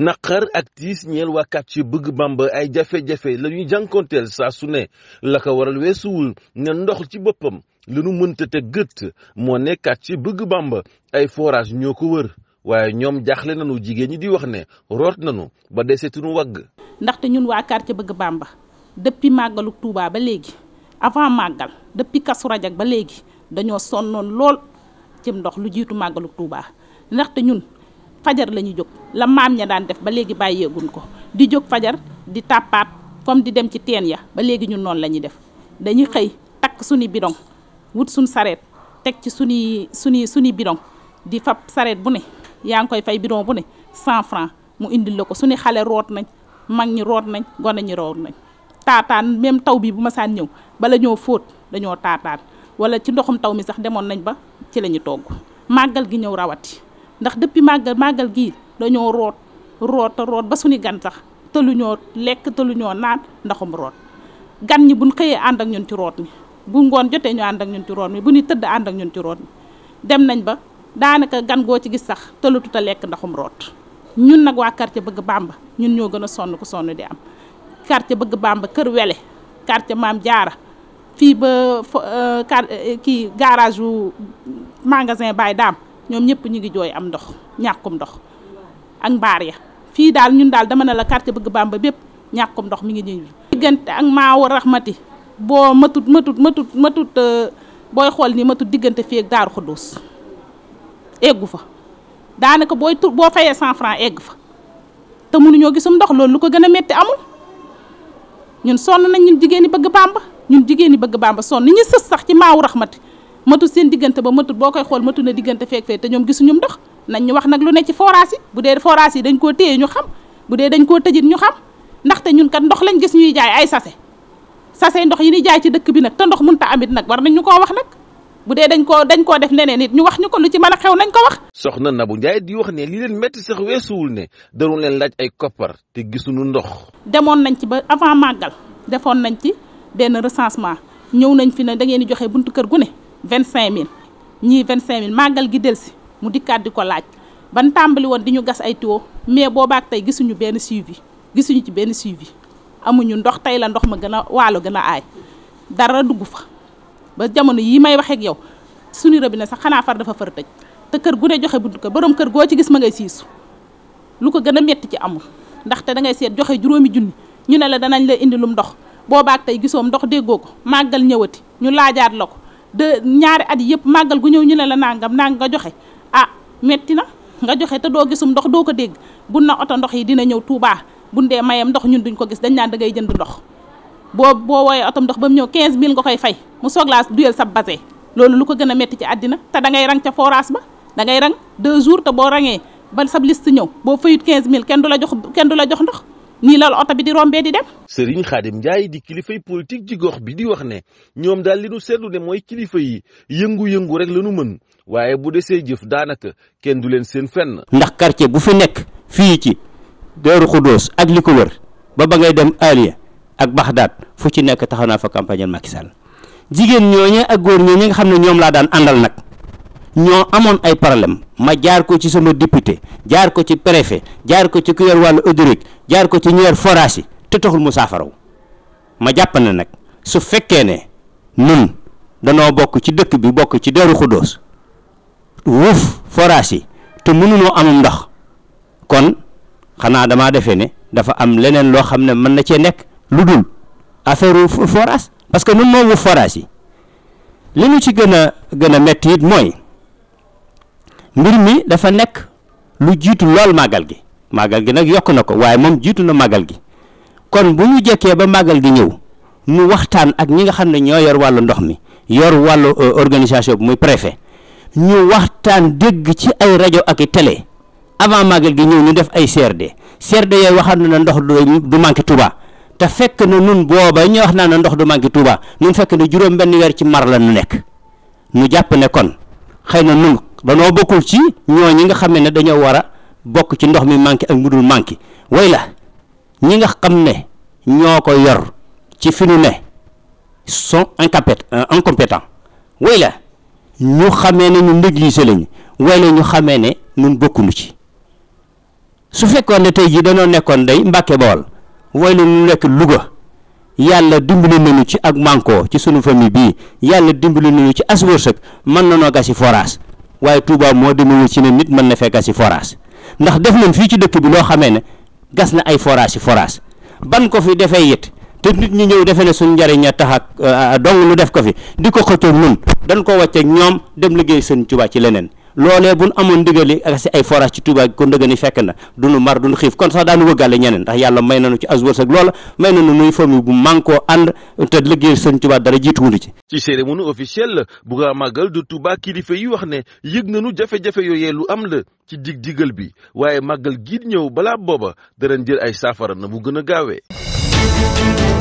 naqar ak tiis ñeel waa quartier bëgg Bamba ay jafe-jafe la ñuy jànkonteel saa su ne la ko waral weesuwul ne ndox ci boppam lu nu mënta te gët moo ne ci bëgg Bamba ay forage ñoo ko wër waaye ñoom jaaxle nañu jigéen ñi di wax ne root nañu ba desetuñu wagg. ndaxte ñun waa quartier bëgg Bamba depuis màggalu Touba ba léegi avant màggal depuis Kazu Rajab ba léegi dañoo sonnoon lool ci ndox lu jiitu màggalu Touba ndaxte ñun. fajar la ñu jóg la maam ña daan def ba léegi bàyyeeguñ ko di jóg fajar di tàppaat comme di dem ci teen ya ba léegi ñun noonu la ñuy def dañuy xëy takk suñu bidon wut suñ sareet teg ci suñuy suñuy suñuy bidon di fab sareet bu ne yaa ngi koy fay bidon bu ne cent franc mu indil la ko suñu xale root nañ mag ñi root nañ gone ñi root nañ taataan même taw bi bu ma saan ñëw bala ñoo fóot dañoo taataan wala ci ndoxum taw mi sax demoon nañ ba ci la ñu togg màggal gi ñëw rawati ndax depuis màggal màggal gii dañoo root root a root ba suñu gan sax tëluñoo lekk tëluñoo naan ndaxum root gan ñi buñ xëyee ànd ak ñun ci root mi bu ngoon jotee ñu ànd ak ñun ci root mi bu ñu tëdd ànd ak ñun ci root mi dem nañ ba daanaka gan goo ci gis sax tëlutut a lekk ndaxum root ñun nag waa quartier bëgg bàmba ñun ñoo gën a sonn ku sonn di am quartier bëgg Bamba kër wele quartier maam jaara fii ba euh, kii garage wu magasin Baye daam ñoom ñëpp ñu ngi jooy am ndox ñàkkum ndox ak mbaar ya fii daal ñun daal dama ne la quartier bëgg Bamba bépp ñàkkum ndox mi ngi ñuy diggante ak Maawu Rahmati boo matut matut matut matut euh, booy xool ni matut diggante fii ak Daaru Xuddus eggu fa daanaka booy tur boo fayee cent franc egg fa te mënuñoo gisum ndox loolu lu ko gën a métti amul ñun sonn nañ ñun jigéen ñi bëgg Bamba ñun jigéen ñi bëgg Bamba sonn ñi sës sax ci Maawu Rahmati matul seen diggante ba matul boo koy xool matul na diggante feek fee te ñoom gisuñu ndox nañ ñu wax nag lu ne ci forage yi bu dee forage dañ koo téye ñu xam bu dee dañ koo tëjit ñu xam ndaxte ñun kat ndox lañ gis ñuy jaay ay sase sase ndox yi ñuy jaay ci dëkk bi nag te ndox mun ta amit nag war nañ ñu koo wax nag bu dee dañ koo dañ koo def leneen it ñu wax ñu ko lu ci mën a xew nañ ko wax. soxna Nabou Ndiaye di wax ne li leen métti sax weesuwul ne dañu leen laaj ay koppar te gisuñu ndox. demoon nañ ci ba avant màggal defoon nañ ci benn recensement ñëw nañ fi ne da ngeen di joxe buntu kër gu ne vingt cinq mille ñii vingt cinq mille màggal gi del si mu dikkaat di ko laaj ban tàmbali woon di ñu gas ay tuyaux mais boobaak tey gisuñu benn suivi gisuñu ci benn suivi amuñu ndox tey la ndox ma gën a waalo gën a aay dara dugg fa ba jamono yi may wax yow yow suñu robinet sax xanaa far dafa far tëj te kër gu ne joxe bunt ko boroom kër goo ci gis ma ngay siisu lu ko gën a metti ci amul ndaxte da ngay seet joxe juróomi junni ñu ne la danañ la indi lum ndox boobaak tey gisoom ndox déggoo ko màggal ñëwati ñu laajaat la ko de ñaari at yëpp màggal gu ñëw ñu ne la nangam nang nga joxe ah metti na nga joxe te doo gisum ndox doo ko dégg bun na oto ndox yi dina ñëw Touba bun dee mayam ndox ñun duñ ko gis dañ naan da ngay jënd ndox boo boo wooyee oto ndox ba mu ñëw 15000 nga koy fay mu soog laa duyal sa base loolu lu ko gën a metti ci àddina te da ngay rang ca forage ba da ngay rang 2 jours te boo rangee ba sab liste ñëw boo fayut 15000 kenn du la jox kenn du la jox ndox nii la la oto bi di rombee di dem. Serigne Khadim Ndiaye di kilifay politique ci gox bi di wax ne ñoom daal li nu seetlu ne mooy kilifa yi yëngu-yëngu rek la nu mën waaye bu desee jëf daanaka kenn du leen seen fenn. ndax quartier bu fi nekk fii ci Daaru Xuddoos ak li ko wër ba ba ngay dem Aliya ak Baxdaad fu ci nekk taxaw naa fa campagne Macky Sall jigéen ñooñee ak góor ñooñee nga xam ne ñoom laa daan àndal nag ñoo amoon ay problème ma jaar ko ci sama député jaar ko ci préfet jaar ko ci ku wàll wàllu jaar ko ci ñu yor yi te taxul mu saafaraw ma jàpp na nag su fekkee ne nun danoo bokk ci dëkk bi bokk ci deru xuddoos wuuf forage yi te mënunoo amum ndax kon xanaa dama defe ne dafa am leneen loo xam ne mën na cee nekk lu dul affaire forage parce que nun moo wuuf forage yi li ñu ci gën a gën a metti it mooy mbir mi dafa nekk lu jiitu lool màggal gi màggal gi nag yokk na ko waaye moom jiitu na màggal gi kon bu ñu jekkee ba màggal gi ñëw mu waxtaan ak ñi nga xam ne ñoo yor wàllu ndox mi yor wàllu euh, organisation bi muy préfet ñu waxtaan dégg ci ay rajo ak i télé avant màggal gi ñëw ñu def ay CRD CRD yooyu waxaan na ndox du du manqué Touba te fekk na nun booba ñu wax naa ne ndox du manqué Touba nun fekk na juróom benn weer ci mar la nu nekk ñu jàpp ne kon xëy na nun danoo bokkul ci ñoo ñi nga xam ne dañoo war a bokk ci ndox mi manqué ak mudul manqué way la ñi nga xam ne ñoo ko yor ci fi nu ne sont incapet euh, incompétents way la ñu xamee ne ñu négligé lañu way la ñu xamee ne ñun bokkunu ci su fekkoon ne tey jii danoo nekkoon day Mbàkke Bawol way la ñu nekk Louga yàlla dimbali nañu ci ak manko ci sunu famille bii yàlla dimbali nañu ci as wërsëg mën na noo gasi forage waaye Touba moo demewul ci ne nit mën na fee gasi forage ndax def nañ fii ci dëkk bi loo xamee ne gas na ay forage yi forage ban ko fi defee it te nit ñi ñëw defe ne suñ njariñ a tax ak dong lu def ko fi di ko xëccoog nun dañ ko wàcceeg ñoom dem liggéey seen Touba ci leneen loole bu buñ amoon ndigali ak si ay forage ci Touba gi kon ndëgani fekk na duñu mar duñu xiif kon sax daanu wëggale ñeneen ndax yàlla may nañu ci as wërsëg loola may nañu nuy famille bu mànkoo ànd te liggéey sëñ Touba dara jiituwunu ci ci cérémonie officielle bu nga màggal du Touba kilifa yi wax ne yëg nañu jafe-jafe yooyee lu am la ci dig diggal bi waaye màggal giir ñëw balaa booba darañ jël ay saafara na mu gën a gaawe